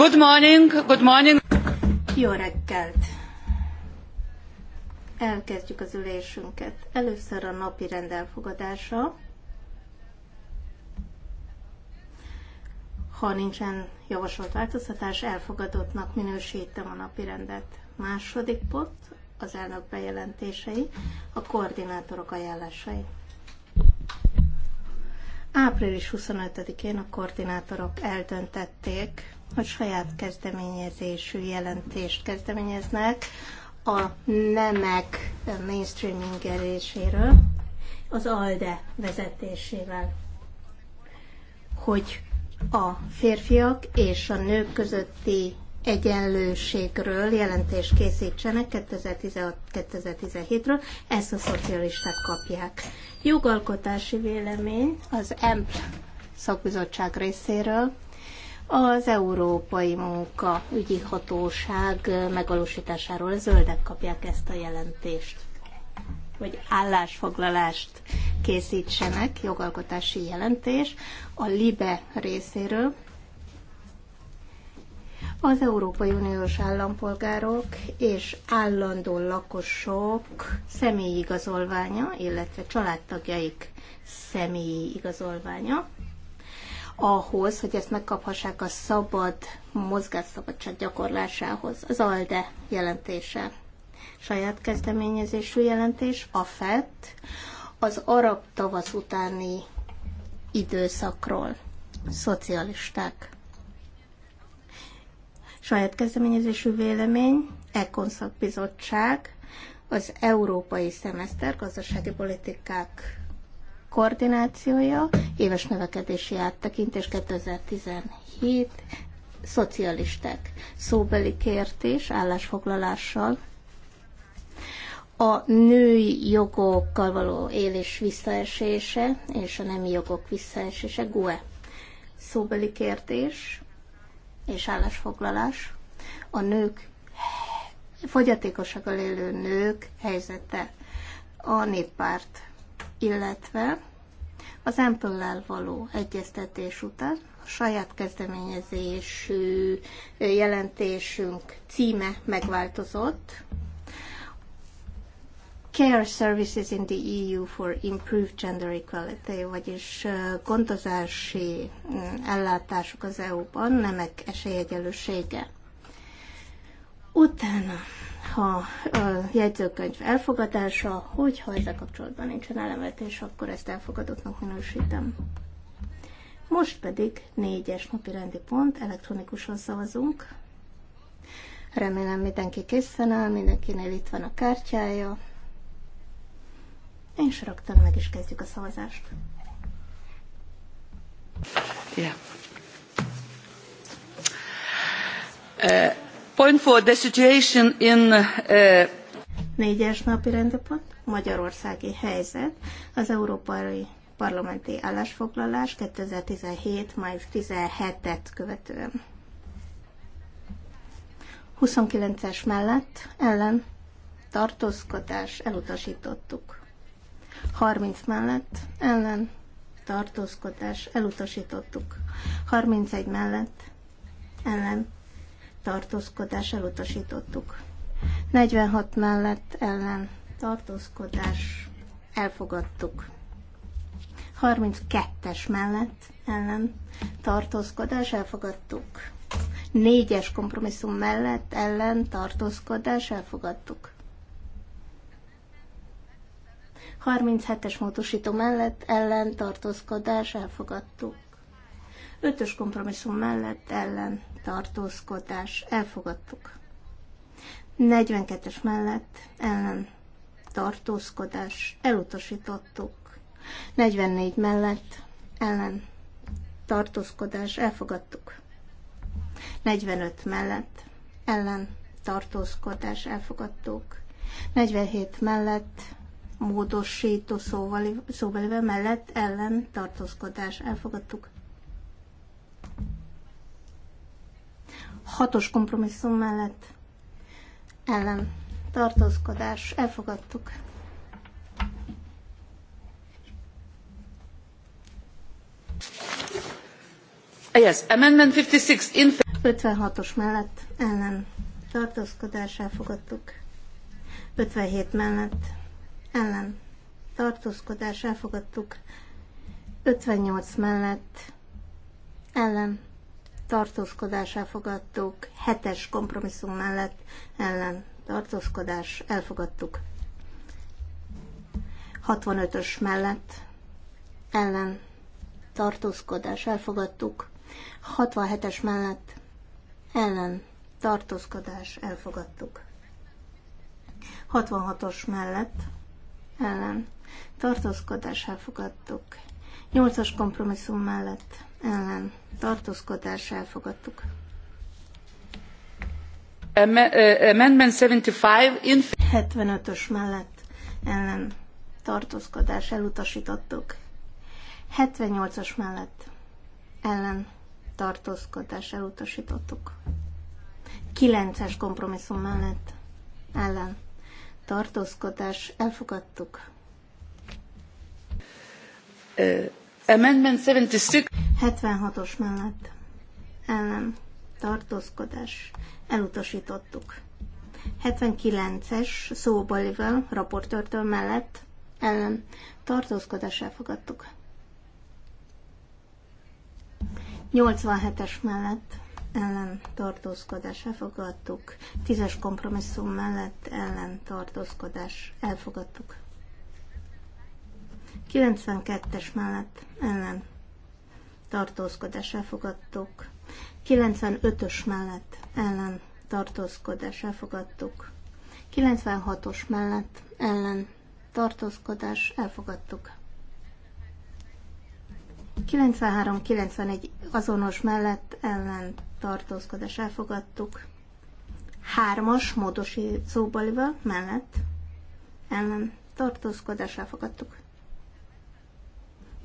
Good morning, good morning. Jó reggelt! Elkezdjük az ülésünket. Először a napi rend elfogadása. Ha nincsen javasolt változtatás, elfogadottnak minősítem a napi rendet. Második pont, az elnök bejelentései, a koordinátorok ajánlásai. Április 25-én a koordinátorok eldöntették, hogy saját kezdeményezésű jelentést kezdeményeznek a nemek mainstreamingeléséről, az ALDE vezetésével, hogy a férfiak és a nők közötti egyenlőségről jelentést készítsenek 2016-2017-ről, ezt a szocialisták kapják. Jogalkotási vélemény az EMP szakbizottság részéről az Európai Munkaügyi Hatóság megvalósításáról. A zöldek kapják ezt a jelentést, hogy állásfoglalást készítsenek, jogalkotási jelentés a LIBE részéről, az Európai Uniós állampolgárok és állandó lakosok személyi igazolványa, illetve családtagjaik személyi igazolványa, ahhoz, hogy ezt megkaphassák a szabad mozgásszabadság gyakorlásához. Az ALDE jelentése. Saját kezdeményezésű jelentés, a FET, az arab tavasz utáni időszakról. Szocialisták saját kezdeményezésű vélemény, Ekonszak Bizottság, az Európai Szemeszter gazdasági politikák koordinációja, éves növekedési áttekintés 2017, szocialisták, szóbeli kértés állásfoglalással, a női jogokkal való élés visszaesése és a nemi jogok visszaesése, GUE szóbeli kérdés, és állásfoglalás a nők, fogyatékossággal élő nők helyzete a néppárt, illetve az ample való egyeztetés után a saját kezdeményezésű jelentésünk címe megváltozott, Care Services in the EU for Improved Gender Equality, vagyis gondozási ellátások az EU-ban, nemek esélyegyelősége. Utána, ha a jegyzőkönyv elfogadása, hogyha ezzel kapcsolatban nincsen elemetés, akkor ezt elfogadottnak minősítem. Most pedig négyes napi rendi pont, elektronikusan szavazunk. Remélem mindenki készen áll, mindenkinél itt van a kártyája, és rögtön meg is kezdjük a szavazást. Yeah. Uh, point for the situation in uh, négyes napi rendőpont, Magyarországi helyzet, az Európai Parlamenti állásfoglalás 2017. május 17-et követően. 29-es mellett ellen tartózkodás elutasítottuk. 30 mellett ellen tartózkodás elutasítottuk. 31 mellett ellen tartózkodás elutasítottuk. 46 mellett ellen tartózkodás elfogadtuk. 32-es mellett ellen tartózkodás elfogadtuk. 4-es kompromisszum mellett ellen tartózkodás elfogadtuk. 37-es módosító mellett ellen tartózkodás elfogadtuk. 5-ös kompromisszum mellett ellen tartózkodás elfogadtuk. 42-es mellett ellen tartózkodás elutasítottuk. 44 mellett ellen tartózkodás elfogadtuk. 45 mellett ellen tartózkodás elfogadtuk. 47 mellett módosító szóval, mellett ellen tartózkodás. Elfogadtuk. Hatos kompromisszum mellett ellen tartózkodás. Elfogadtuk. Yes, amendment 56 in 56-os mellett ellen tartózkodás elfogadtuk. 57 mellett ellen tartózkodás elfogadtuk 58 mellett ellen tartózkodás elfogadtuk 7-es kompromisszum mellett ellen tartózkodás elfogadtuk 65-ös mellett ellen tartózkodás elfogadtuk 67-es mellett ellen tartózkodás elfogadtuk 66-os mellett ellen tartózkodás elfogadtuk. Nyolcas kompromisszum mellett ellen tartózkodás elfogadtuk. Amendment 75 in 75-ös mellett ellen tartózkodás elutasítottuk. 78-as mellett ellen tartózkodás elutasítottuk. 9-es kompromisszum mellett ellen tartózkodás elfogadtuk. Uh, amendment 76. 76-os mellett ellen tartózkodás elutasítottuk. 79-es Bolivel, raportörtől mellett ellen tartózkodás elfogadtuk. 87-es mellett ellen tartózkodás elfogadtuk, tízes kompromisszum mellett ellen tartózkodás elfogadtuk. 92-es mellett ellen tartózkodás elfogadtuk, 95-ös mellett ellen tartózkodás elfogadtuk, 96-os mellett ellen tartózkodás elfogadtuk. 93-91 azonos mellett ellen tartózkodás elfogadtuk. Hármas módosi szóbalival mellett ellen tartózkodás elfogadtuk.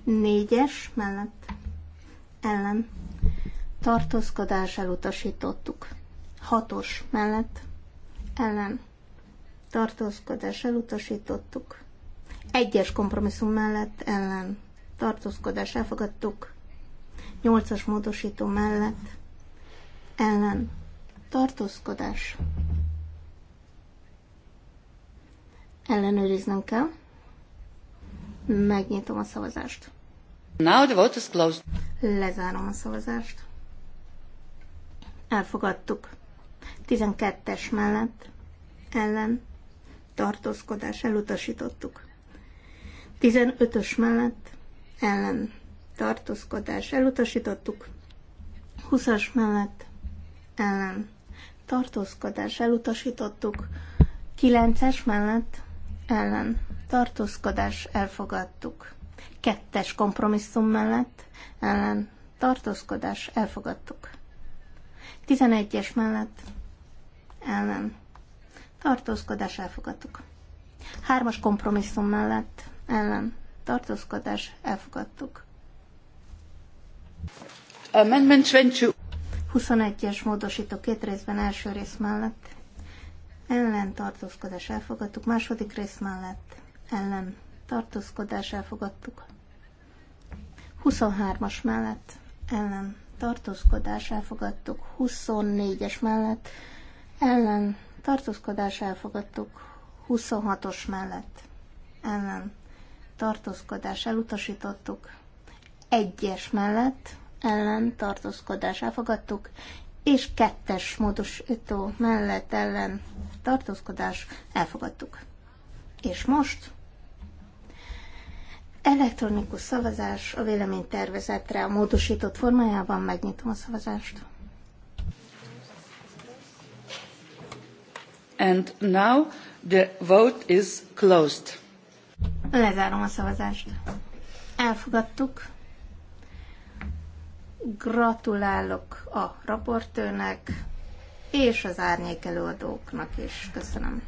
Négyes mellett ellen tartózkodás elutasítottuk. Hatos mellett ellen tartózkodás elutasítottuk. Egyes kompromisszum mellett ellen tartózkodás elfogadtuk. Nyolcas módosító mellett ellen tartózkodás. Ellenőriznem kell. Megnyitom a szavazást. Now the vote is closed. Lezárom a szavazást. Elfogadtuk. 12-es mellett ellen tartózkodás elutasítottuk. 15-ös mellett ellen tartózkodás elutasítottuk. 20-as mellett ellen tartózkodás elutasítottuk, 9-es mellett ellen tartózkodás elfogadtuk, Kettes kompromisszum mellett ellen tartózkodás elfogadtuk, 11-es mellett ellen tartózkodás elfogadtuk, Hármas kompromisszum mellett ellen tartózkodás elfogadtuk. Amendment 22. 21-es módosító két részben első rész mellett. Ellen tartózkodás elfogadtuk. Második rész mellett. Ellen tartózkodás elfogadtuk. 23-as mellett. Ellen tartózkodás elfogadtuk. 24-es mellett. Ellen tartózkodás elfogadtuk. 26-os mellett. Ellen tartózkodás elutasítottuk. 1-es mellett ellen tartózkodás elfogadtuk, és kettes módosító mellett ellen tartózkodás elfogadtuk. És most elektronikus szavazás a véleménytervezetre a módosított formájában megnyitom a szavazást. And now the vote is closed. Lezárom a szavazást. Elfogadtuk. Gratulálok a raportőnek és az árnyék előadóknak is. Köszönöm.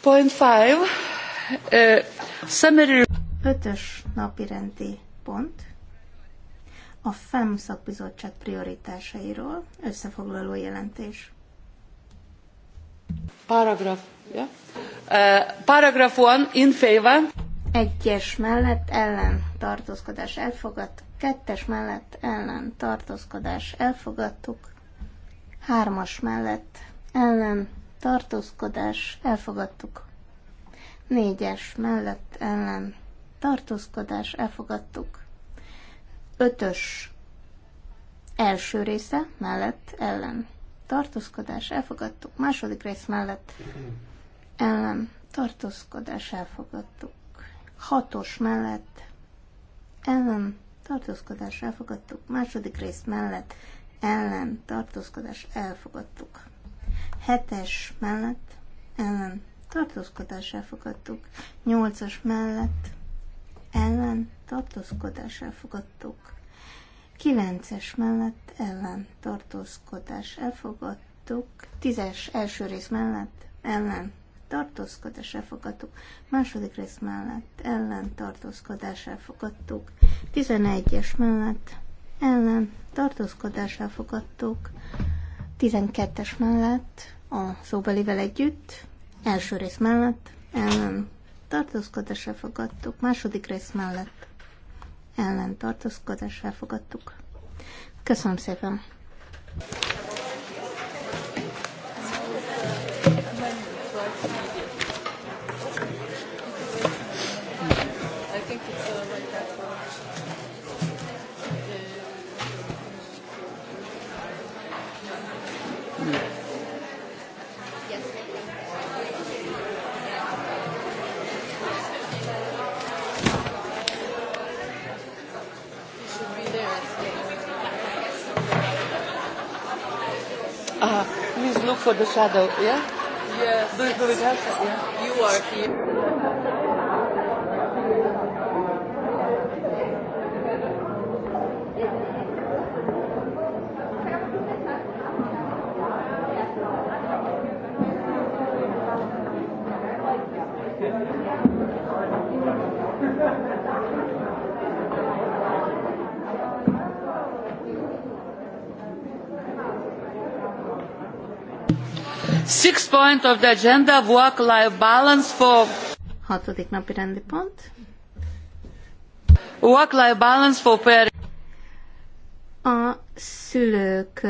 Point five. Uh, summary. Ötös napirendi pont a FEM szakbizottság prioritásairól összefoglaló jelentés. Paragraf. Yeah. Uh, paragraf one, in favor. Egyes mellett ellen tartózkodás elfogadt, kettes mellett ellen tartózkodás elfogadtuk, hármas mellett ellen tartózkodás elfogadtuk, négyes mellett ellen tartózkodás elfogadtuk, Ötös. Első része mellett ellen. Tartózkodás elfogadtuk. Második rész mellett ellen. Tartózkodás elfogadtuk. Hatos mellett ellen. Tartózkodás elfogadtuk. Második rész mellett ellen. Tartózkodás elfogadtuk. Hetes mellett ellen. Tartózkodás elfogadtuk. Nyolcas mellett ellen tartózkodás elfogadtuk. 9-es mellett ellen tartózkodás elfogadtuk. 10-es első rész mellett ellen tartózkodás elfogadtuk. Második rész mellett ellen tartózkodás elfogadtuk. 11-es mellett ellen tartózkodás elfogadtuk. 12-es mellett a szóbelivel együtt, első rész mellett ellen tartózkodás elfogadtuk. Második rész mellett ellen tartózkodás elfogadtuk. Köszönöm szépen! for the shadow, yeah? Yes. Do, do it help? Yeah. You are here. Six point of the agenda, work-life balance for... Hatodik napi rendi pont. Work-life balance for parents. A szülők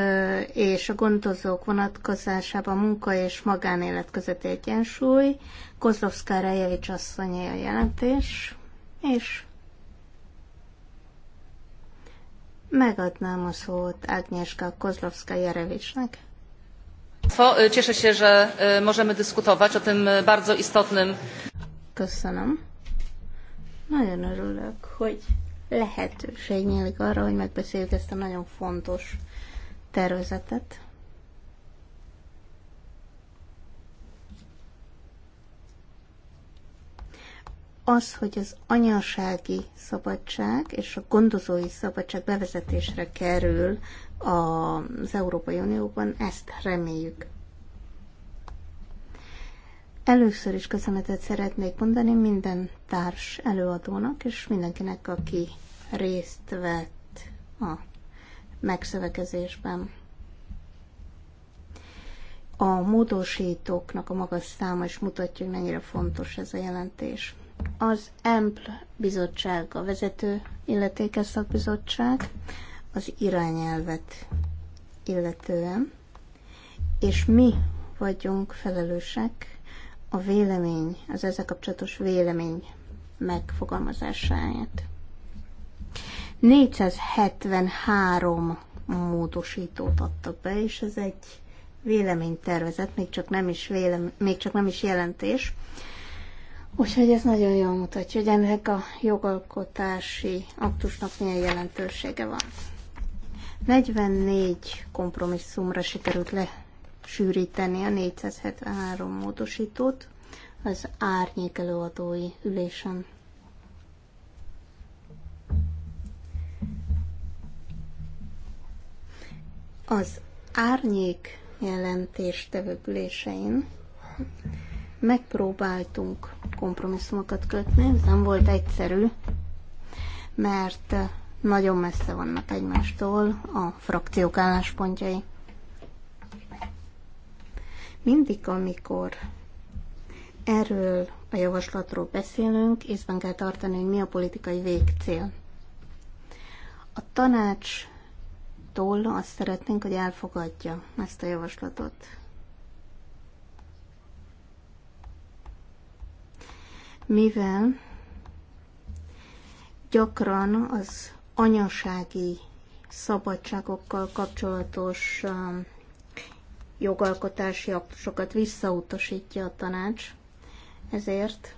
és a gondozók vonatkozásában munka és magánélet közötti egyensúly, Kozlovszka Rejevics asszonyé a jelentés, és megadnám a szót Ágnieszka Kozlovszka Jerevicsnek. Cieszę się, że możemy dyskutować o tym bardzo istotnym. Köszönöm. Nagyon örülök, hogy lehetőség nyílik arra, hogy megbeszéljük ezt a nagyon fontos tervezetet. az, hogy az anyasági szabadság és a gondozói szabadság bevezetésre kerül az Európai Unióban, ezt reméljük. Először is köszönetet szeretnék mondani minden társ előadónak, és mindenkinek, aki részt vett a megszövekezésben. A módosítóknak a magas száma is mutatja, hogy mennyire fontos ez a jelentés. Az EMPL bizottság a vezető illetékes szakbizottság az irányelvet illetően, és mi vagyunk felelősek a vélemény, az ezzel kapcsolatos vélemény megfogalmazásáért. 473 módosítót adtak be, és ez egy véleménytervezet, még csak nem is, vélem, még csak nem is jelentés, Úgyhogy ez nagyon jól mutatja, hogy ennek a jogalkotási aktusnak milyen jelentősége van. 44 kompromisszumra sikerült lesűríteni a 473 módosítót az árnyék előadói ülésen. Az árnyék jelentés tevőbülésein megpróbáltunk kompromisszumokat kötni, ez nem volt egyszerű, mert eh, nagyon messze vannak egymástól a frakciók álláspontjai. Mindig, amikor erről a javaslatról beszélünk, észben kell tartani, hogy mi a politikai végcél. A tanácstól azt szeretnénk, hogy elfogadja ezt a javaslatot. mivel gyakran az anyasági szabadságokkal kapcsolatos um, jogalkotási aktusokat visszautasítja a tanács, ezért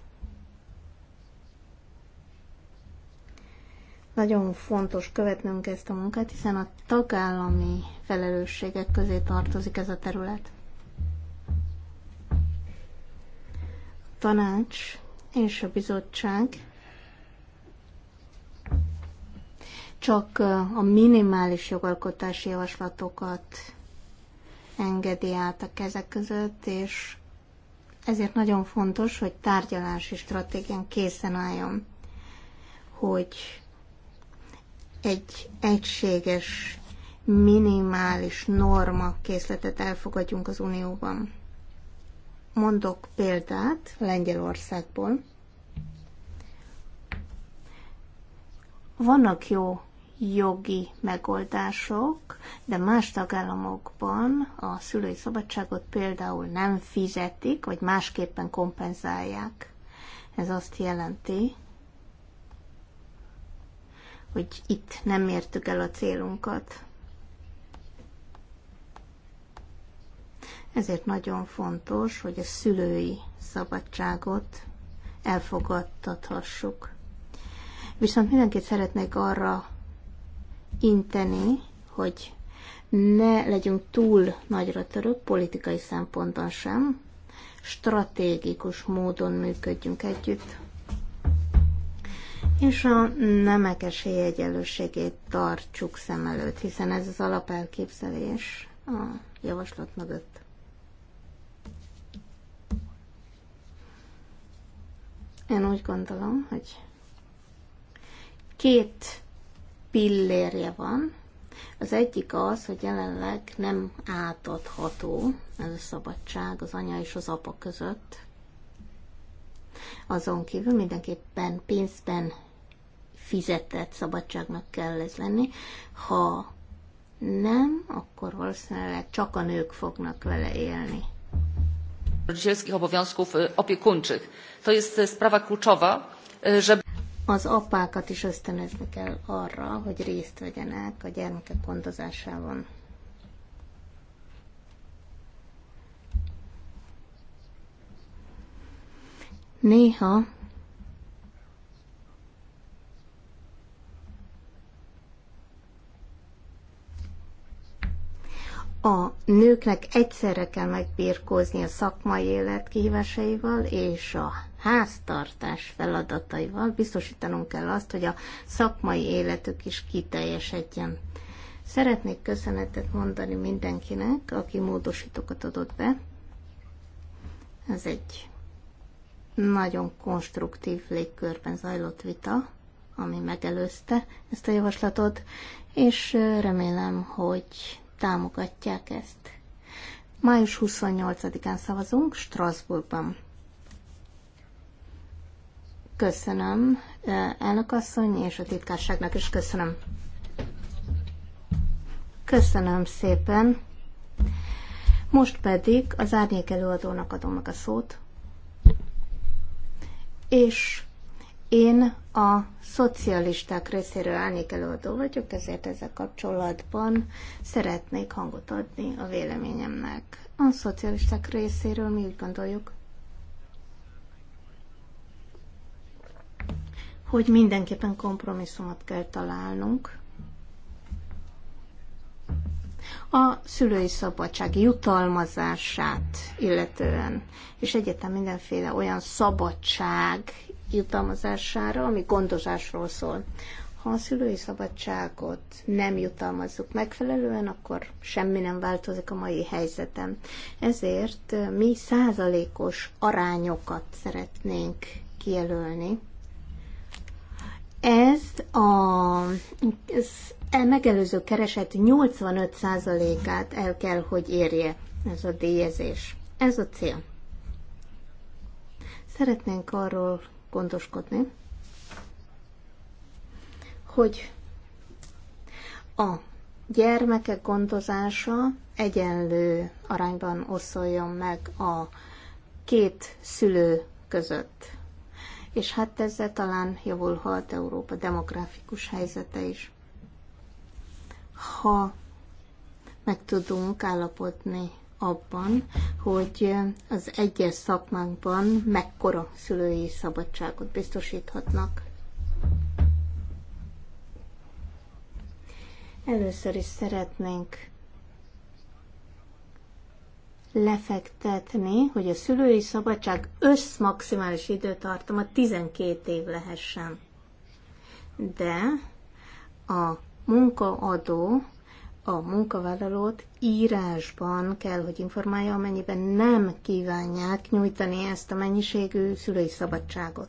nagyon fontos követnünk ezt a munkát, hiszen a tagállami felelősségek közé tartozik ez a terület. A tanács és a bizottság csak uh, a minimális jogalkotási javaslatokat engedi át a kezek között, és ezért nagyon fontos, hogy tárgyalási stratégián készen álljon, hogy egy egységes, minimális norma készletet elfogadjunk az Unióban. Mondok példát Lengyelországból. Vannak jó jogi megoldások, de más tagállamokban a szülői szabadságot például nem fizetik, vagy másképpen kompenzálják. Ez azt jelenti, hogy itt nem értük el a célunkat. Ezért nagyon fontos, hogy a szülői szabadságot elfogadtathassuk. Viszont mindenkit szeretnék arra inteni, hogy ne legyünk túl nagyra török politikai szemponton sem, stratégikus módon működjünk együtt, és a nemek esélyegyelőségét tartsuk szem előtt, hiszen ez az alapelképzelés a javaslat mögött Én úgy gondolom, hogy két pillérje van. Az egyik az, hogy jelenleg nem átadható ez a szabadság az anya és az apa között. Azon kívül mindenképpen pénzben fizetett szabadságnak kell ez lenni. Ha nem, akkor valószínűleg csak a nők fognak vele élni rodzicielskich obowiązków e, opiekuńczych. To jest e, sprawa kluczowa, e, żeby az apákat is ösztönözni kell arra, hogy részt vegyenek a gyermekek gondozásában. Néha a nőknek egyszerre kell megbírkózni a szakmai élet kihívásaival és a háztartás feladataival. Biztosítanunk kell azt, hogy a szakmai életük is kiteljesedjen. Szeretnék köszönetet mondani mindenkinek, aki módosítókat adott be. Ez egy nagyon konstruktív légkörben zajlott vita, ami megelőzte ezt a javaslatot, és remélem, hogy támogatják ezt. Május 28-án szavazunk Strasbourgban. Köszönöm elnökasszony és a titkárságnak is köszönöm. Köszönöm szépen. Most pedig az árnyék előadónak adom meg a szót. És én a szocialisták részéről állnék előadó vagyok, ezért ezzel kapcsolatban szeretnék hangot adni a véleményemnek. A szocialisták részéről mi úgy gondoljuk, hogy mindenképpen kompromisszumot kell találnunk. A szülői szabadság jutalmazását illetően, és egyetem mindenféle olyan szabadság jutalmazására, ami gondozásról szól. Ha a szülői szabadságot nem jutalmazzuk megfelelően, akkor semmi nem változik a mai helyzetem. Ezért mi százalékos arányokat szeretnénk kijelölni. Ez a, ez e megelőző kereset 85%-át el kell, hogy érje ez a díjezés. Ez a cél. Szeretnénk arról gondoskodni, hogy a gyermekek gondozása egyenlő arányban oszoljon meg a két szülő között. És hát ezzel talán javulhat Európa demográfikus helyzete is. Ha meg tudunk állapodni abban, hogy az egyes szakmánkban mekkora szülői szabadságot biztosíthatnak. Először is szeretnénk lefektetni, hogy a szülői szabadság összmaximális időtartama 12 év lehessen. De a munkaadó a munkavállalót írásban kell, hogy informálja, amennyiben nem kívánják nyújtani ezt a mennyiségű szülői szabadságot.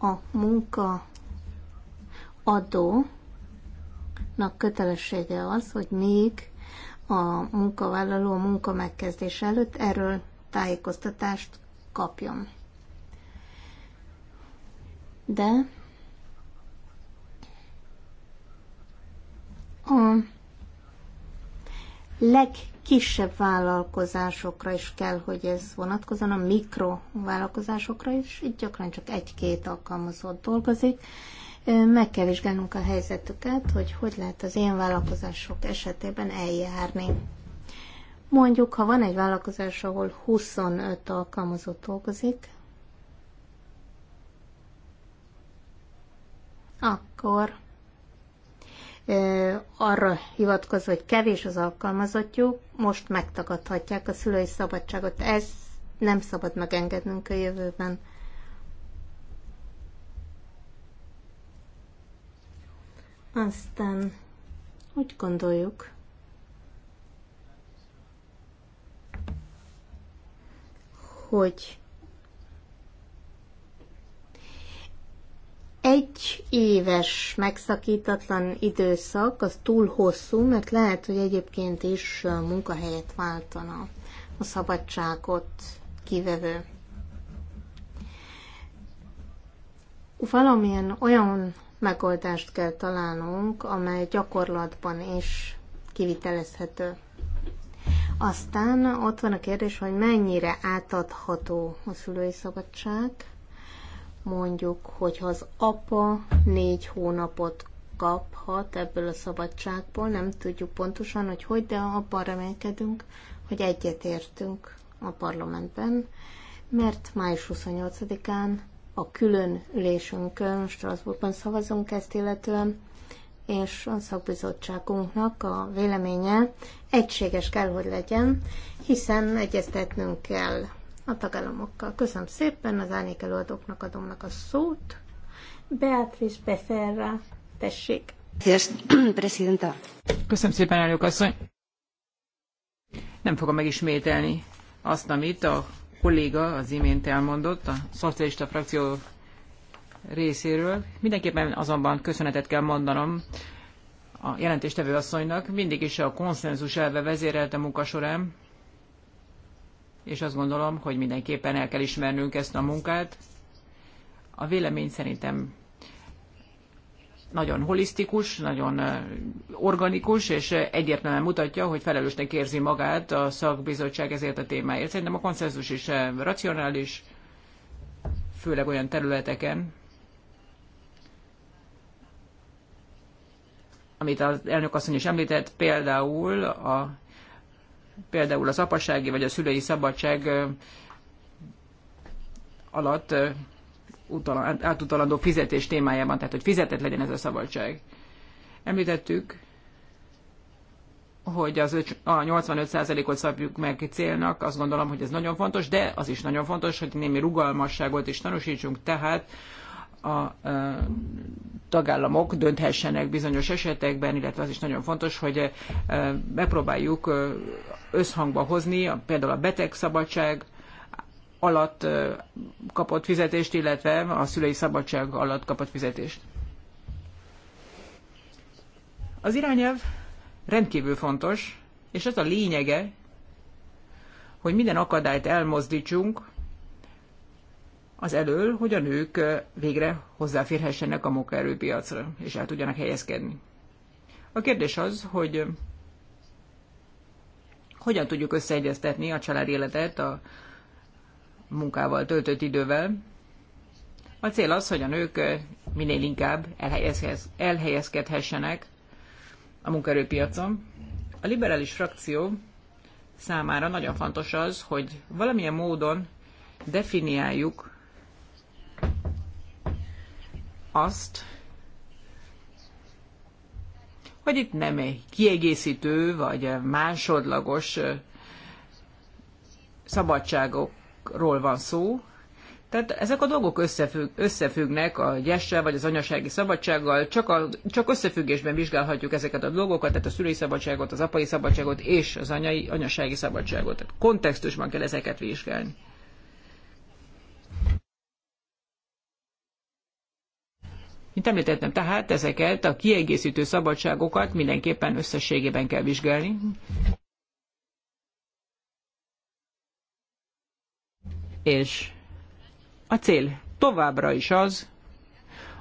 A munka adónak kötelessége az, hogy még a munkavállaló a munka megkezdés előtt erről tájékoztatást kapjon. De a legkisebb vállalkozásokra is kell, hogy ez vonatkozzon, a mikrovállalkozásokra is, itt gyakran csak egy-két alkalmazott dolgozik. Meg kell vizsgálnunk a helyzetüket, hogy hogy lehet az ilyen vállalkozások esetében eljárni. Mondjuk, ha van egy vállalkozás, ahol 25 alkalmazott dolgozik, akkor arra hivatkozva, hogy kevés az alkalmazottjuk, most megtagadhatják a szülői szabadságot. Ez nem szabad megengednünk a jövőben. Aztán úgy gondoljuk, hogy egy éves megszakítatlan időszak az túl hosszú, mert lehet, hogy egyébként is munkahelyet váltana a szabadságot kivevő. Valamilyen olyan megoldást kell találnunk, amely gyakorlatban is kivitelezhető. Aztán ott van a kérdés, hogy mennyire átadható a szülői szabadság, mondjuk, hogyha az apa négy hónapot kaphat ebből a szabadságból, nem tudjuk pontosan, hogy hogy, de abban remélkedünk, hogy egyetértünk a parlamentben, mert május 28-án a külön ülésünkön Strasbourgban szavazunk ezt illetően, és a szakbizottságunknak a véleménye egységes kell, hogy legyen, hiszen egyeztetnünk kell a tagállamokkal. Köszönöm szépen, az árnyék előadóknak adomnak a szót. Beatrice Becerra, tessék. Köszönöm szépen, elnök asszony. Nem fogom megismételni azt, amit a kolléga az imént elmondott a szocialista frakció részéről. Mindenképpen azonban köszönetet kell mondanom a jelentéstevő asszonynak. Mindig is a konszenzus elve vezérelte munka során, és azt gondolom, hogy mindenképpen el kell ismernünk ezt a munkát. A vélemény szerintem nagyon holisztikus, nagyon organikus, és egyértelműen mutatja, hogy felelősnek érzi magát a szakbizottság ezért a témáért. Szerintem a konszenzus is racionális, főleg olyan területeken, amit az elnök asszony is említett, például a például az apasági vagy a szülői szabadság alatt átutalandó fizetés témájában, tehát hogy fizetett legyen ez a szabadság. Említettük, hogy az, a 85%-ot szabjuk meg célnak, azt gondolom, hogy ez nagyon fontos, de az is nagyon fontos, hogy némi rugalmasságot is tanúsítsunk, tehát a tagállamok dönthessenek bizonyos esetekben, illetve az is nagyon fontos, hogy megpróbáljuk összhangba hozni például a betegszabadság alatt kapott fizetést, illetve a szülei szabadság alatt kapott fizetést. Az irányelv rendkívül fontos, és ez a lényege, hogy minden akadályt elmozdítsunk az elől, hogy a nők végre hozzáférhessenek a munkaerőpiacra, és el tudjanak helyezkedni. A kérdés az, hogy hogyan tudjuk összeegyeztetni a család életet a munkával töltött idővel. A cél az, hogy a nők minél inkább elhelyezkedhessenek a munkaerőpiacon. A liberális frakció számára nagyon fontos az, hogy valamilyen módon definiáljuk azt, hogy itt nem egy kiegészítő vagy másodlagos szabadságokról van szó. Tehát ezek a dolgok összefügg, összefüggnek a gyessel vagy az anyasági szabadsággal, csak, a, csak összefüggésben vizsgálhatjuk ezeket a dolgokat, tehát a szülői szabadságot, az apai szabadságot és az anyai, anyasági szabadságot. Tehát kontextusban kell ezeket vizsgálni. Mint említettem, tehát ezeket a kiegészítő szabadságokat mindenképpen összességében kell vizsgálni. És a cél továbbra is az,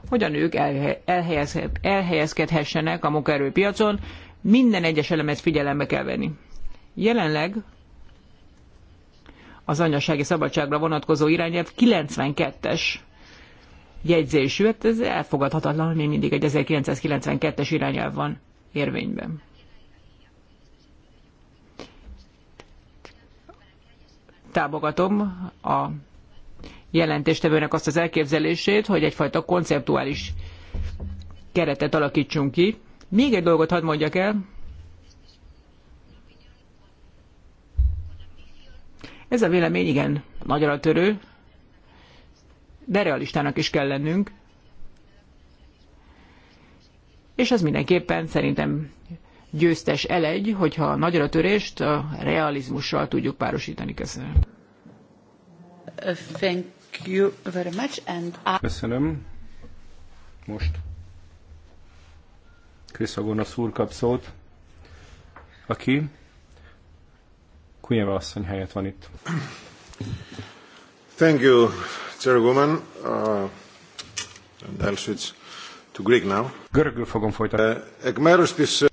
hogy a nők elhelyezkedhessenek a munkaerőpiacon, minden egyes elemet figyelembe kell venni. Jelenleg az anyasági szabadságra vonatkozó irányelv 92-es jegyzésű, hát ez elfogadhatatlan, hogy még mindig egy 1992-es irányelv van érvényben. Támogatom a jelentéstevőnek azt az elképzelését, hogy egyfajta konceptuális keretet alakítsunk ki. Még egy dolgot hadd mondjak el. Ez a vélemény igen nagyra törő, de realistának is kell lennünk, és ez mindenképpen szerintem győztes elegy, hogyha a nagyra törést a realizmussal tudjuk párosítani. Köszönöm. Uh, thank you very much and I... Köszönöm. Most. Kriszagona szúr kap szót, aki Kunyeva asszony helyett van itt. Thank you, Chairwoman, uh, and I'll switch to Greek now. Görögül fogom folytatni. Uh, uh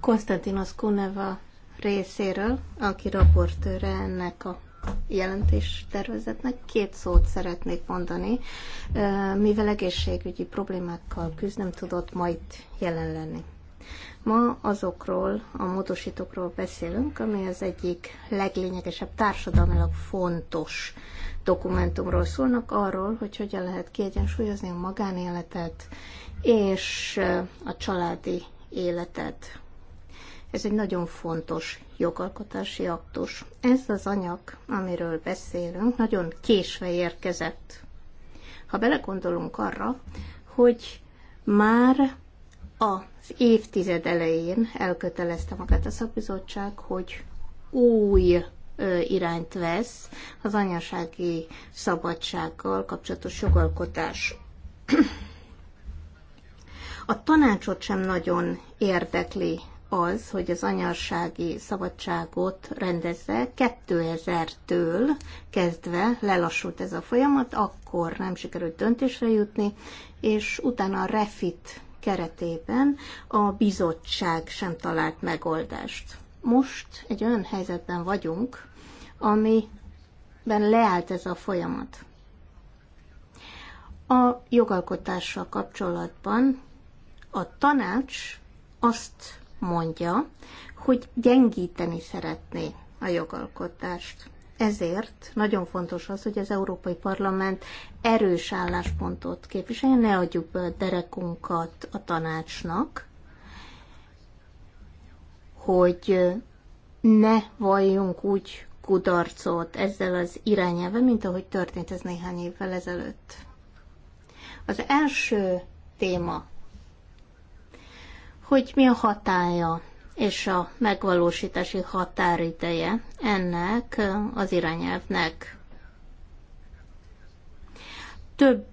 Konstantinos Kuneva részéről, aki raportőre ennek a jelentés tervezetnek két szót szeretnék mondani, uh, mivel egészségügyi problémákkal küzd, nem tudott ma itt jelen lenni. Ma azokról a módosítókról beszélünk, ami az egyik leglényegesebb társadalmilag fontos dokumentumról szólnak, arról, hogy hogyan lehet kiegyensúlyozni a magánéletet és a családi életet. Ez egy nagyon fontos jogalkotási aktus. Ez az anyag, amiről beszélünk, nagyon késve érkezett. Ha belegondolunk arra, hogy már az évtized elején elkötelezte magát a szakbizottság, hogy új irányt vesz az anyasági szabadsággal kapcsolatos jogalkotás. A tanácsot sem nagyon érdekli az, hogy az anyasági szabadságot rendezze 2000-től kezdve lelassult ez a folyamat, akkor nem sikerült döntésre jutni, és utána a refit keretében a bizottság sem talált megoldást. Most egy olyan helyzetben vagyunk, amiben leállt ez a folyamat. A jogalkotással kapcsolatban a tanács azt mondja, hogy gyengíteni szeretné a jogalkotást. Ezért nagyon fontos az, hogy az Európai Parlament erős álláspontot képviseljen, ne adjuk be a derekunkat a tanácsnak, hogy ne valljunk úgy kudarcot ezzel az irányelve, mint ahogy történt ez néhány évvel ezelőtt. Az első téma, hogy mi a hatája és a megvalósítási határideje ennek az irányelvnek. Több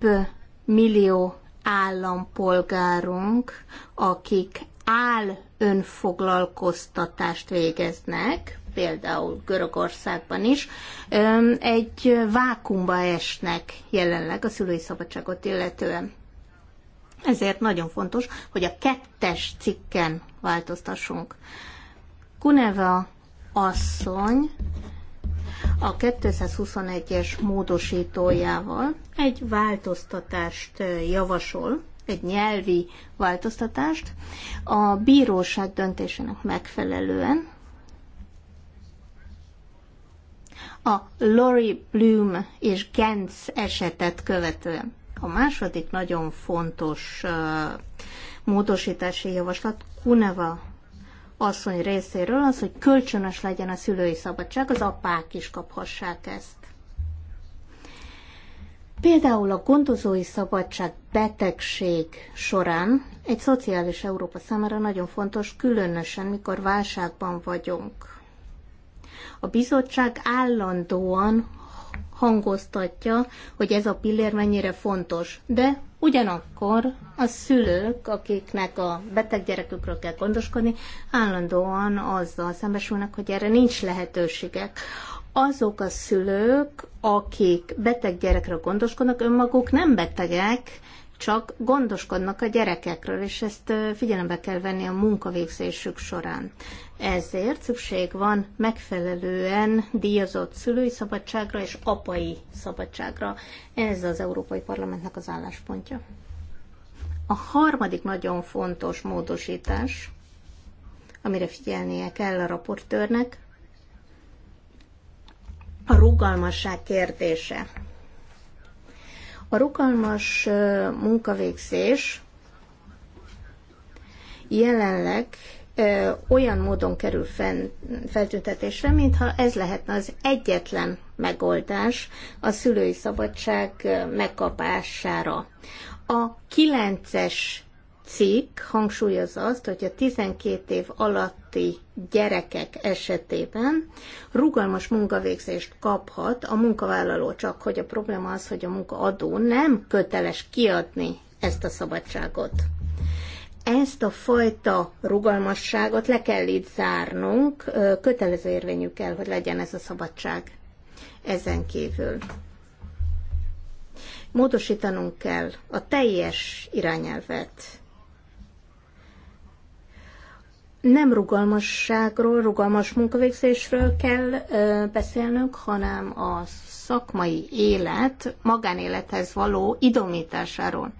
millió állampolgárunk, akik áll önfoglalkoztatást végeznek, például Görögországban is, egy vákumba esnek jelenleg a szülői szabadságot illetően. Ezért nagyon fontos, hogy a kettes cikken változtassunk. Kuneva asszony a 221-es módosítójával egy változtatást javasol, egy nyelvi változtatást a bíróság döntésének megfelelően. A Lori Bloom és Gens esetet követően. A második nagyon fontos módosítási javaslat Kuneva asszony részéről az, hogy kölcsönös legyen a szülői szabadság, az apák is kaphassák ezt. Például a gondozói szabadság betegség során egy szociális Európa számára nagyon fontos, különösen mikor válságban vagyunk. A bizottság állandóan hangoztatja, hogy ez a pillér mennyire fontos. De ugyanakkor a szülők, akiknek a beteg gyerekükről kell gondoskodni, állandóan azzal szembesülnek, hogy erre nincs lehetőségek. Azok a szülők, akik beteg gyerekről gondoskodnak, önmaguk nem betegek, csak gondoskodnak a gyerekekről, és ezt figyelembe kell venni a munkavégzésük során. Ezért szükség van megfelelően díjazott szülői szabadságra és apai szabadságra. Ez az Európai Parlamentnek az álláspontja. A harmadik nagyon fontos módosítás, amire figyelnie kell a raportőrnek, a rugalmasság kérdése a rugalmas munkavégzés jelenleg olyan módon kerül fenn, feltüntetésre, mintha ez lehetne az egyetlen megoldás a szülői szabadság megkapására. A kilences cikk hangsúlyozza azt, hogy a 12 év alatti gyerekek esetében rugalmas munkavégzést kaphat a munkavállaló, csak hogy a probléma az, hogy a munkaadó nem köteles kiadni ezt a szabadságot. Ezt a fajta rugalmasságot le kell itt zárnunk, kötelező érvényű kell, hogy legyen ez a szabadság ezen kívül módosítanunk kell a teljes irányelvet nem rugalmasságról, rugalmas munkavégzésről kell ö, beszélnünk, hanem a szakmai élet, magánélethez való idomításáról.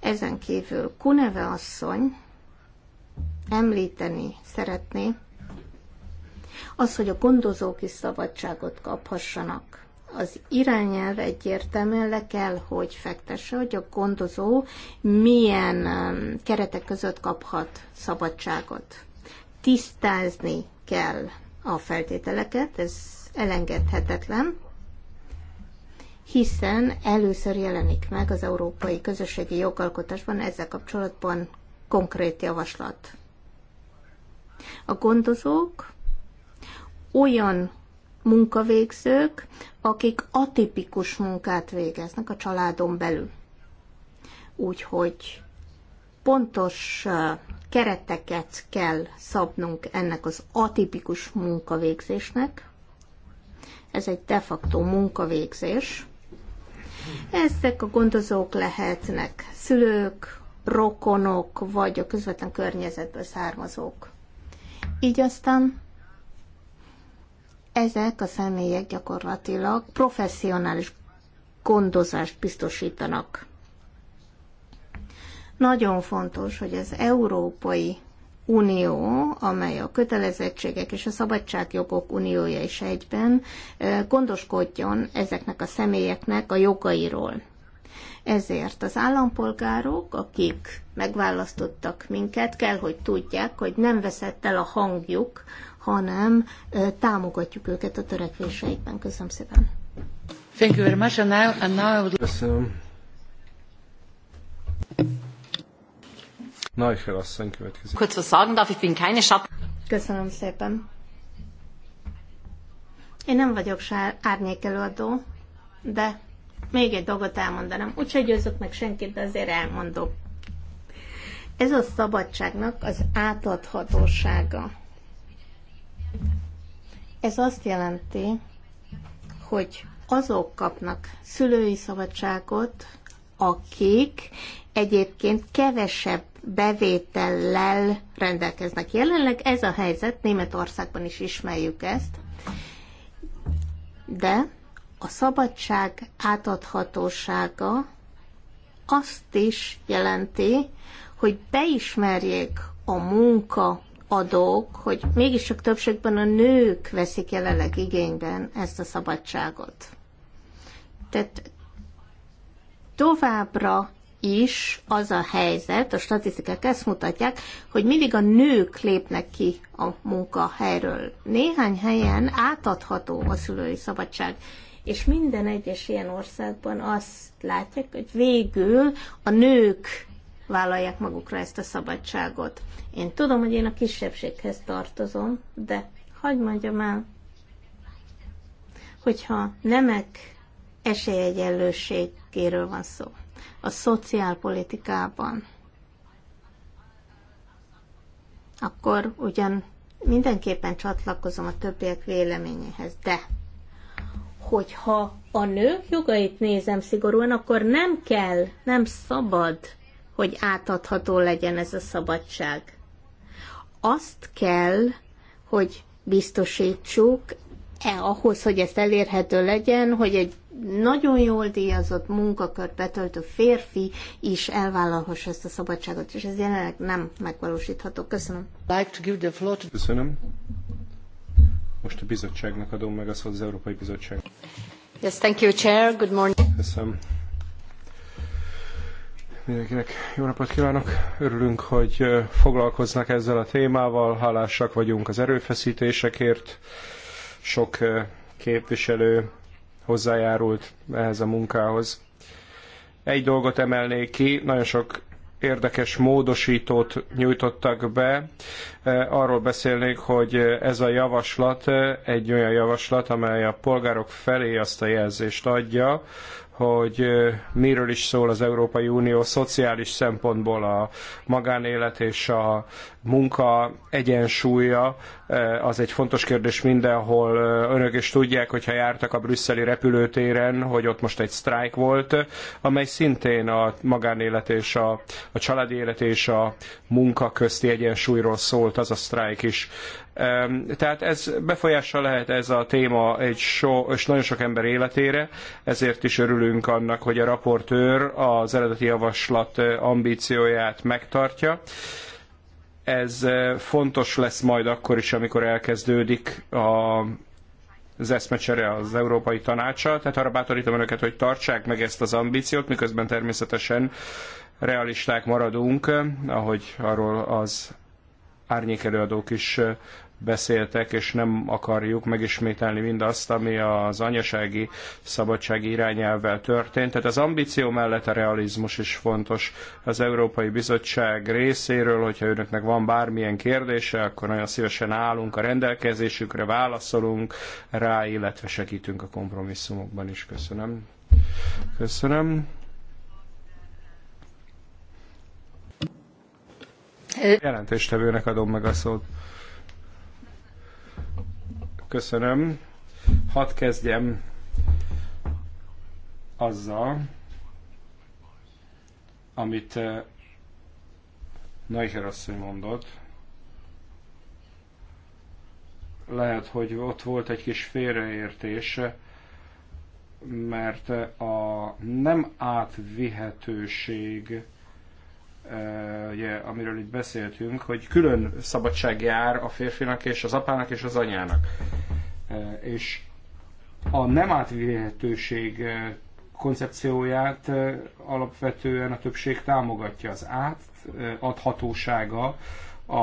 Ezen kívül Kuneve asszony említeni szeretné az, hogy a gondozók is szabadságot kaphassanak. Az irányelv egyértelműen le kell, hogy fektesse, hogy a gondozó milyen keretek között kaphat szabadságot tisztázni kell a feltételeket, ez elengedhetetlen, hiszen először jelenik meg az európai közösségi jogalkotásban ezzel kapcsolatban konkrét javaslat. A gondozók olyan munkavégzők, akik atipikus munkát végeznek a családon belül. Úgyhogy pontos kereteket kell szabnunk ennek az atipikus munkavégzésnek. Ez egy de facto munkavégzés. Ezek a gondozók lehetnek szülők, rokonok, vagy a közvetlen környezetből származók. Így aztán ezek a személyek gyakorlatilag professzionális gondozást biztosítanak. Nagyon fontos, hogy az Európai Unió, amely a kötelezettségek és a szabadságjogok uniója is egyben, gondoskodjon ezeknek a személyeknek a jogairól. Ezért az állampolgárok, akik megválasztottak minket, kell, hogy tudják, hogy nem veszett el a hangjuk, hanem támogatjuk őket a törekvéseikben. Köszönöm szépen. Thank you very much. And now, and now I would... Köszönöm. Neuchel asszony Kurz was sagen darf, ich bin keine Schatten. Köszönöm szépen. Én nem vagyok se árnyékelőadó, de még egy dolgot elmondanám. se győzök meg senkit, de azért elmondok. Ez a szabadságnak az átadhatósága. Ez azt jelenti, hogy azok kapnak szülői szabadságot, akik egyébként kevesebb bevétellel rendelkeznek. Jelenleg ez a helyzet, Németországban is ismerjük ezt, de a szabadság átadhatósága azt is jelenti, hogy beismerjék a munka adók, hogy mégiscsak többségben a nők veszik jelenleg igényben ezt a szabadságot. Tehát továbbra is az a helyzet, a statisztikák ezt mutatják, hogy mindig a nők lépnek ki a munkahelyről. Néhány helyen átadható a szülői szabadság, és minden egyes ilyen országban azt látják, hogy végül a nők vállalják magukra ezt a szabadságot. Én tudom, hogy én a kisebbséghez tartozom, de hagyd mondjam el, hogyha nemek esélyegyenlőségéről van szó, a szociálpolitikában, akkor ugyan mindenképpen csatlakozom a többiek véleményéhez, de hogyha a nők jogait nézem szigorúan, akkor nem kell, nem szabad, hogy átadható legyen ez a szabadság. Azt kell, hogy biztosítsuk eh, ahhoz, hogy ez elérhető legyen, hogy egy nagyon jól díjazott munkakört betöltő férfi is elvállalhassa ezt a szabadságot, és ez jelenleg nem megvalósítható. Köszönöm. Like to give the floor to... Köszönöm. Most a bizottságnak adom meg azt, hogy az Európai Bizottság. Yes, thank you, Chair. Good morning. Köszönöm. Mindenkinek jó napot kívánok! Örülünk, hogy foglalkoznak ezzel a témával, hálásak vagyunk az erőfeszítésekért. Sok képviselő hozzájárult ehhez a munkához. Egy dolgot emelnék ki, nagyon sok érdekes módosítót nyújtottak be. E, arról beszélnék, hogy ez a javaslat e, egy olyan javaslat, amely a polgárok felé azt a jelzést adja, hogy miről is szól az Európai Unió szociális szempontból a magánélet és a munka egyensúlya. Az egy fontos kérdés mindenhol. Önök is tudják, hogyha jártak a brüsszeli repülőtéren, hogy ott most egy sztrájk volt, amely szintén a magánélet és a, a családi élet és a munka közti egyensúlyról szólt az a sztrájk is. Tehát ez befolyással lehet ez a téma egy so, és nagyon sok ember életére, ezért is örülünk annak, hogy a raportőr az eredeti javaslat ambícióját megtartja. Ez fontos lesz majd akkor is, amikor elkezdődik a az eszmecsere az Európai Tanácsa, tehát arra bátorítom önöket, hogy tartsák meg ezt az ambíciót, miközben természetesen realisták maradunk, ahogy arról az árnyékelőadók is beszéltek, és nem akarjuk megismételni mindazt, ami az anyasági szabadság irányelvvel történt. Tehát az ambíció mellett a realizmus is fontos az Európai Bizottság részéről, hogyha önöknek van bármilyen kérdése, akkor nagyon szívesen állunk a rendelkezésükre, válaszolunk rá, illetve segítünk a kompromisszumokban is. Köszönöm. Köszönöm. Jelentéstevőnek adom meg a szót. Köszönöm. Hadd kezdjem azzal, amit Neicher asszony mondott. Lehet, hogy ott volt egy kis félreértés, mert a nem átvihetőség ugye, amiről itt beszéltünk, hogy külön szabadság jár a férfinak és az apának és az anyának. És a nem átvihetőség koncepcióját alapvetően a többség támogatja. Az átadhatósága a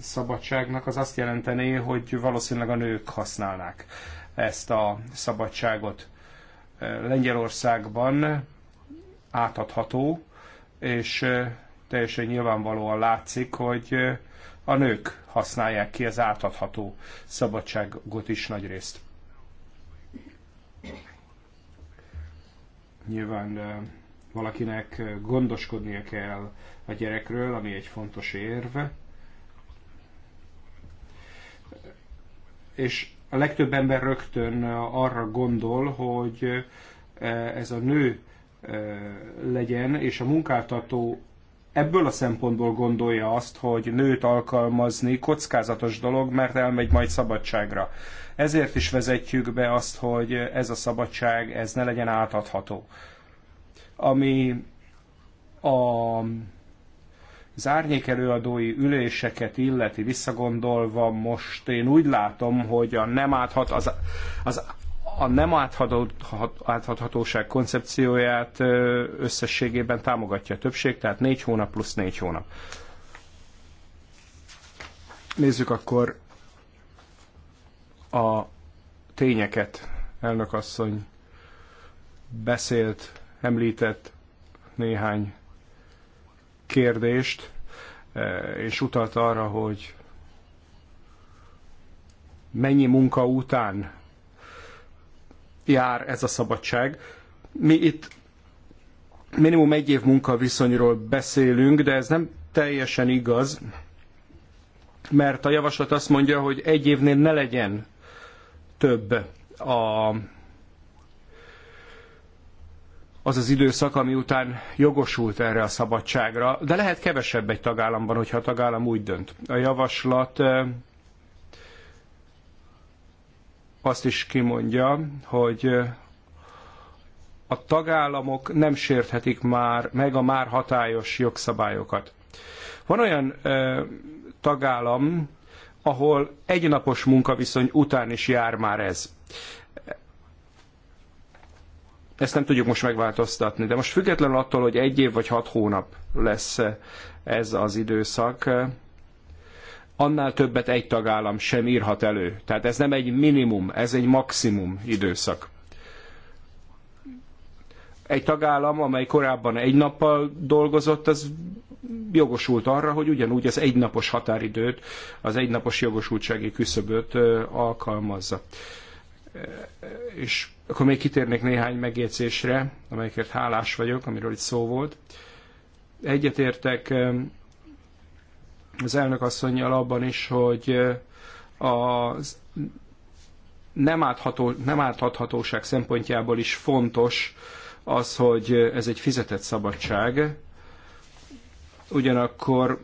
szabadságnak az azt jelentené, hogy valószínűleg a nők használnák ezt a szabadságot. Lengyelországban átadható, és teljesen nyilvánvalóan látszik, hogy a nők használják ki az átadható szabadságot is nagyrészt. Nyilván valakinek gondoskodnia kell a gyerekről, ami egy fontos érv. És a legtöbb ember rögtön arra gondol, hogy ez a nő legyen, és a munkáltató ebből a szempontból gondolja azt, hogy nőt alkalmazni kockázatos dolog, mert elmegy majd szabadságra. Ezért is vezetjük be azt, hogy ez a szabadság, ez ne legyen átadható. Ami a az árnyék előadói üléseket illeti visszagondolva most én úgy látom, hogy a nem áthat, az, az a nem áthathatóság koncepcióját összességében támogatja a többség, tehát négy hónap plusz négy hónap. Nézzük akkor a tényeket. Elnök asszony beszélt, említett néhány kérdést, és utalt arra, hogy mennyi munka után jár ez a szabadság. Mi itt minimum egy év munkaviszonyról beszélünk, de ez nem teljesen igaz, mert a javaslat azt mondja, hogy egy évnél ne legyen több a, az az időszak, ami után jogosult erre a szabadságra, de lehet kevesebb egy tagállamban, hogyha a tagállam úgy dönt. A javaslat eh, azt is kimondja, hogy a tagállamok nem sérthetik már meg a már hatályos jogszabályokat. Van olyan ö, tagállam, ahol egynapos munkaviszony után is jár már ez. Ezt nem tudjuk most megváltoztatni, de most függetlenül attól, hogy egy év vagy hat hónap lesz ez az időszak, annál többet egy tagállam sem írhat elő. Tehát ez nem egy minimum, ez egy maximum időszak. Egy tagállam, amely korábban egy nappal dolgozott, az jogosult arra, hogy ugyanúgy az egynapos határidőt, az egynapos jogosultsági küszöböt alkalmazza. És akkor még kitérnék néhány megjegyzésre, amelyekért hálás vagyok, amiről itt szó volt. Egyetértek az elnök asszonyjal abban is, hogy a nem, átható, nem átadhatóság szempontjából is fontos az, hogy ez egy fizetett szabadság. Ugyanakkor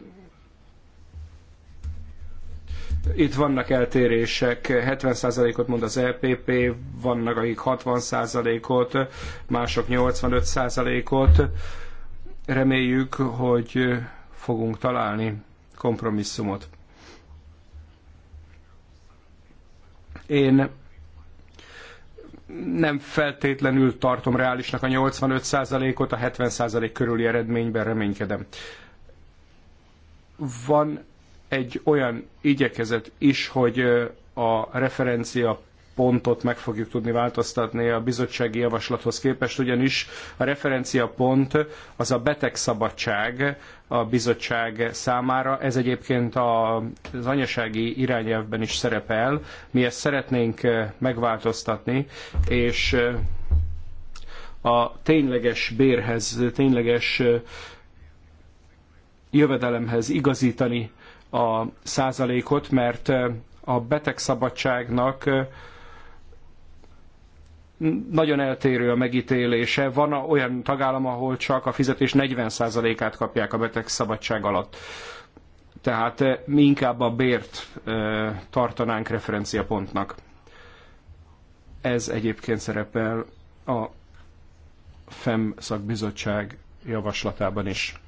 itt vannak eltérések, 70%-ot mond az EPP, vannak akik 60%-ot, mások 85%-ot. Reméljük, hogy fogunk találni kompromisszumot. Én nem feltétlenül tartom reálisnak a 85%-ot, a 70% körüli eredményben reménykedem. Van egy olyan igyekezet is, hogy a referencia pontot meg fogjuk tudni változtatni a bizottsági javaslathoz képest, ugyanis a referenciapont az a betegszabadság a bizottság számára. Ez egyébként az anyasági irányelvben is szerepel. Mi ezt szeretnénk eh, megváltoztatni, és eh, a tényleges bérhez, tényleges eh, jövedelemhez igazítani a százalékot, mert a betegszabadságnak nagyon eltérő a megítélése. Van olyan tagállam, ahol csak a fizetés 40%-át kapják a beteg szabadság alatt. Tehát eh, mi inkább a bért eh, tartanánk referenciapontnak. Ez egyébként szerepel a FEM szakbizottság javaslatában is.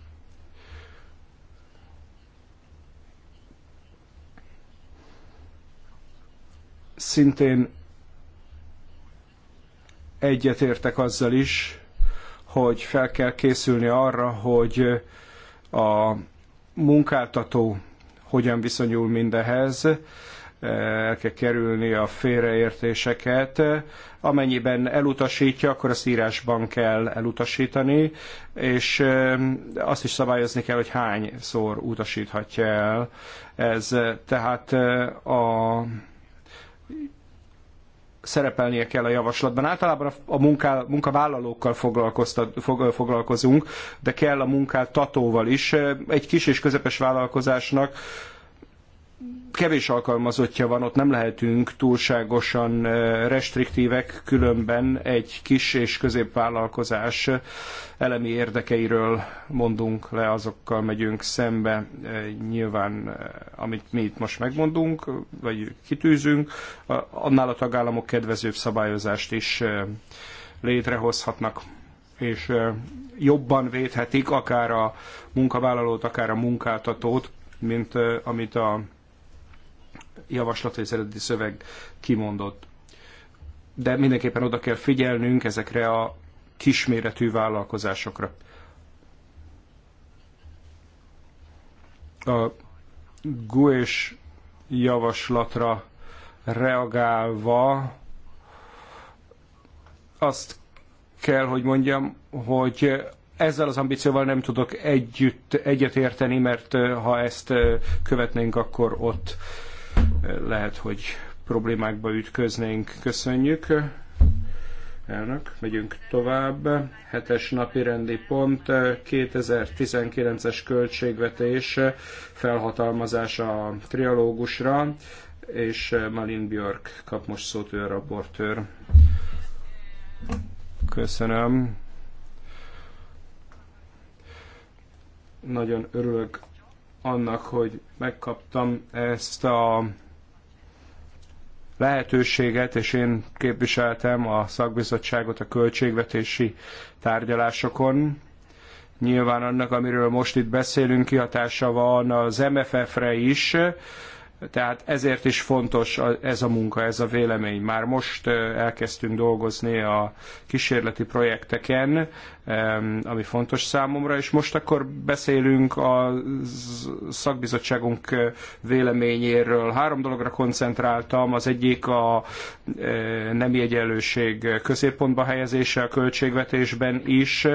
Szintén egyetértek azzal is, hogy fel kell készülni arra, hogy a munkáltató hogyan viszonyul mindehez, el kell kerülni a félreértéseket. Amennyiben elutasítja, akkor azt szírásban kell elutasítani, és eh, azt is szabályozni kell, hogy hányszor utasíthatja el. Ez tehát eh, a szerepelnie kell a javaslatban. Általában a munká, munkavállalókkal foglalkozunk, de kell a munkáltatóval is. Egy kis és közepes vállalkozásnak kevés alkalmazottja van, ott nem lehetünk túlságosan restriktívek, különben egy kis és középvállalkozás elemi érdekeiről mondunk le, azokkal megyünk szembe. Nyilván, amit mi itt most megmondunk, vagy kitűzünk, annál a tagállamok kedvezőbb szabályozást is létrehozhatnak és jobban védhetik akár a munkavállalót, akár a munkáltatót, mint amit a javaslat, vagy az eredeti szöveg kimondott. De mindenképpen oda kell figyelnünk ezekre a kisméretű vállalkozásokra. A GUES javaslatra reagálva azt kell, hogy mondjam, hogy ezzel az ambícióval nem tudok együtt egyetérteni, mert ha ezt követnénk, akkor ott lehet, hogy problémákba ütköznénk. Köszönjük. Elnök, megyünk tovább. Hetes napi rendi pont, 2019-es költségvetés felhatalmazása a trialógusra, és Malin Björk kap most szót, ő a raportőr. Köszönöm. Nagyon örülök annak, hogy megkaptam ezt a lehetőséget, és én képviseltem a szakbizottságot a költségvetési tárgyalásokon. Nyilván annak, amiről most itt beszélünk, kihatása van az MFF-re is, tehát ezért is fontos ez a munka, ez a vélemény. Már most elkezdtünk dolgozni a kísérleti projekteken, ami fontos számomra, és most akkor beszélünk a szakbizottságunk véleményéről. Három dologra koncentráltam, az egyik a nemi egyenlőség középpontba helyezése a költségvetésben is,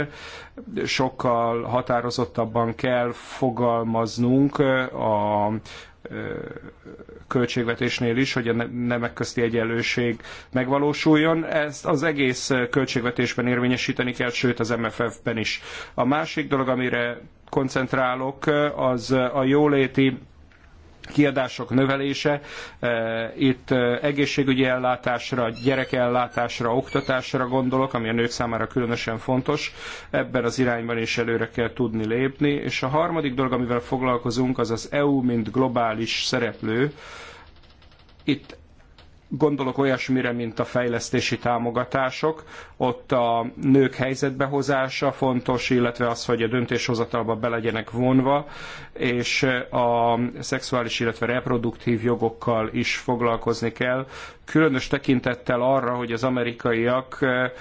sokkal határozottabban kell fogalmaznunk a költségvetésnél is, hogy a nemek közti egyenlőség megvalósuljon. Ezt az egész költségvetésben érvényesíteni kell, sőt az MFF-ben is. A másik dolog, amire koncentrálok, az a jóléti kiadások növelése. E, itt e, egészségügyi ellátásra, gyerekellátásra, oktatásra gondolok, ami a nők számára különösen fontos. Ebben az irányban is előre kell tudni lépni. És a harmadik dolog, amivel foglalkozunk, az az EU, mint globális szereplő. Itt Gondolok olyasmire, mint a fejlesztési támogatások, ott a nők helyzetbehozása fontos, illetve az, hogy a döntéshozatalba be legyenek vonva, és a szexuális, illetve reproduktív jogokkal is foglalkozni kell, különös tekintettel arra, hogy az amerikaiak eh,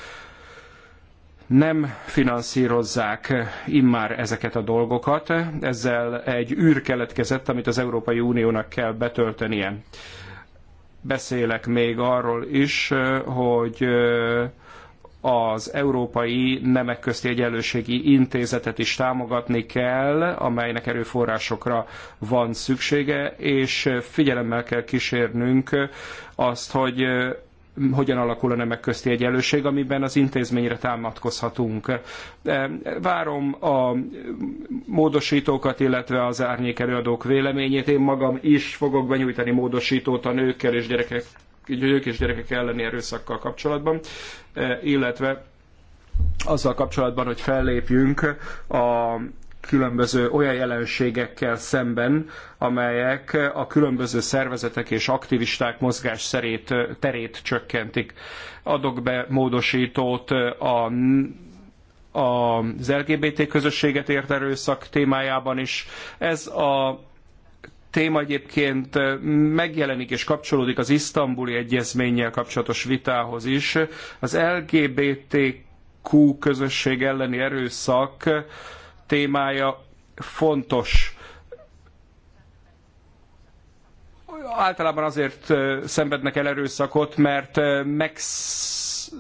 nem finanszírozzák eh, immár ezeket a dolgokat. Ezzel egy űr keletkezett, amit az Európai Uniónak kell betöltenie beszélek még arról is, hogy az Európai Nemek Közti Egyenlőségi Intézetet is támogatni kell, amelynek erőforrásokra van szüksége, és figyelemmel kell kísérnünk azt, hogy hogyan alakul a nemek közti egyenlőség, amiben az intézményre támadkozhatunk. E, várom a módosítókat, illetve az árnyék előadók véleményét. Én magam is fogok benyújtani módosítót a nőkkel és gyerekek nők és gyerekek elleni erőszakkal kapcsolatban, e, illetve azzal kapcsolatban, hogy fellépjünk a különböző olyan jelenségekkel szemben, amelyek a különböző szervezetek és aktivisták mozgás szerét, terét csökkentik. Adok be módosítót a az LGBT közösséget ért erőszak témájában is. Ez a téma egyébként megjelenik és kapcsolódik az isztambuli egyezménnyel kapcsolatos vitához is. Az LGBTQ közösség elleni erőszak témája fontos. Általában azért szenvednek el erőszakot, mert megsz...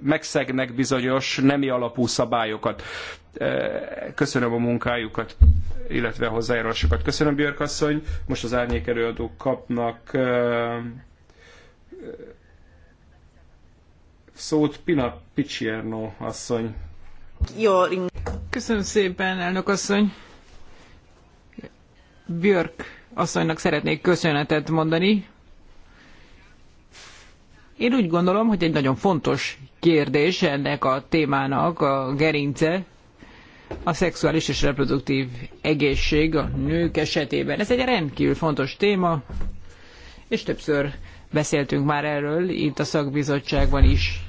megszegnek bizonyos nemi alapú szabályokat. Köszönöm a munkájukat, illetve a hozzájárulásokat. Köszönöm, Björk asszony. Most az árnyék előadók kapnak szót Pina Picierno asszony. Jó, Köszönöm szépen, elnök asszony. Björk asszonynak szeretnék köszönetet mondani. Én úgy gondolom, hogy egy nagyon fontos kérdés ennek a témának a gerince, a szexuális és reproduktív egészség a nők esetében. Ez egy rendkívül fontos téma, és többször beszéltünk már erről itt a szakbizottságban is.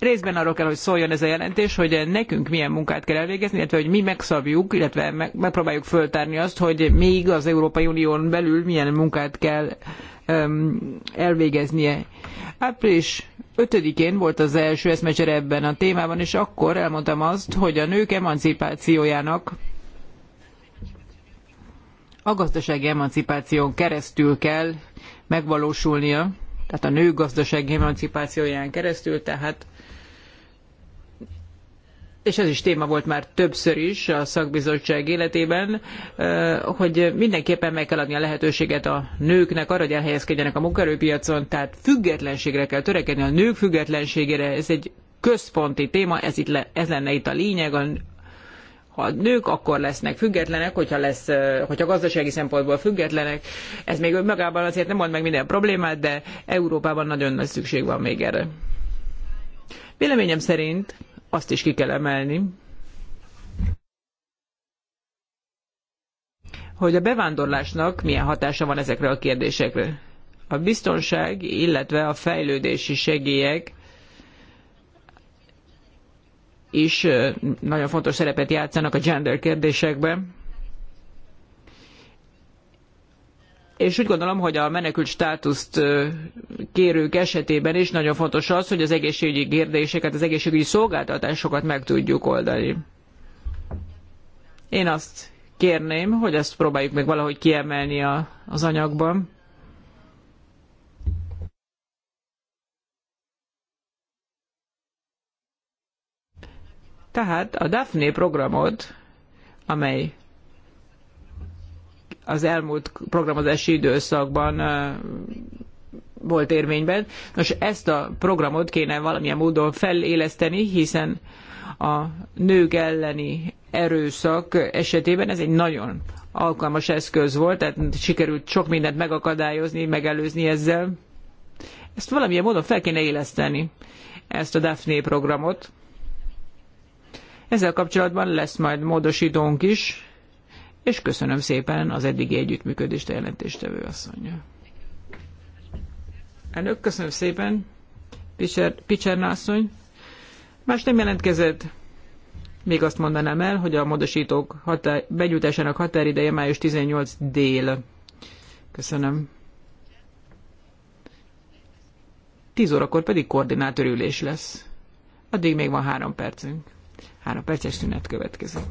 részben arról kell, hogy szóljon ez a jelentés, hogy nekünk milyen munkát kell elvégezni, illetve hogy mi megszabjuk, illetve megpróbáljuk föltárni azt, hogy még az Európai Unión belül milyen munkát kell um, elvégeznie. Április 5-én volt az első eszmecsere ebben a témában, és akkor elmondtam azt, hogy a nők emancipációjának a gazdasági emancipáción keresztül kell megvalósulnia, tehát a nők gazdasági emancipációján keresztül, tehát és ez is téma volt már többször is a szakbizottság életében, hogy mindenképpen meg kell adni a lehetőséget a nőknek arra, hogy elhelyezkedjenek a munkaerőpiacon, tehát függetlenségre kell törekedni, a nők függetlenségére, ez egy központi téma, ez, itt le, ez lenne itt a lényeg, ha a nők akkor lesznek függetlenek, hogyha, lesz, hogyha gazdasági szempontból függetlenek, ez még önmagában azért nem old meg minden problémát, de Európában nagyon nagy szükség van még erre. Véleményem szerint azt is ki kell emelni, hogy a bevándorlásnak milyen hatása van ezekre a kérdésekre. A biztonság, illetve a fejlődési segélyek is nagyon fontos szerepet játszanak a gender kérdésekben. és úgy gondolom, hogy a menekült státuszt kérők esetében is nagyon fontos az, hogy az egészségügyi kérdéseket, az egészségügyi szolgáltatásokat meg tudjuk oldani. Én azt kérném, hogy ezt próbáljuk meg valahogy kiemelni a, az anyagban. Tehát a DAFNE programot, amely az elmúlt programozási időszakban volt érvényben. Nos, ezt a programot kéne valamilyen módon feléleszteni, hiszen a nők elleni erőszak esetében ez egy nagyon alkalmas eszköz volt, tehát sikerült sok mindent megakadályozni, megelőzni ezzel. Ezt valamilyen módon fel kéne éleszteni, ezt a Daphne programot. Ezzel kapcsolatban lesz majd módosítónk is, és köszönöm szépen az eddigi együttműködést a jelentéstevő asszonya. Elnök, köszönöm szépen, Picser, Picserna asszony. Más nem jelentkezett. Még azt mondanám el, hogy a módosítók határ, begyújtásának határideje május 18 dél. Köszönöm. 10 órakor pedig koordinátorülés lesz. Addig még van három percünk. Három perces szünet következik.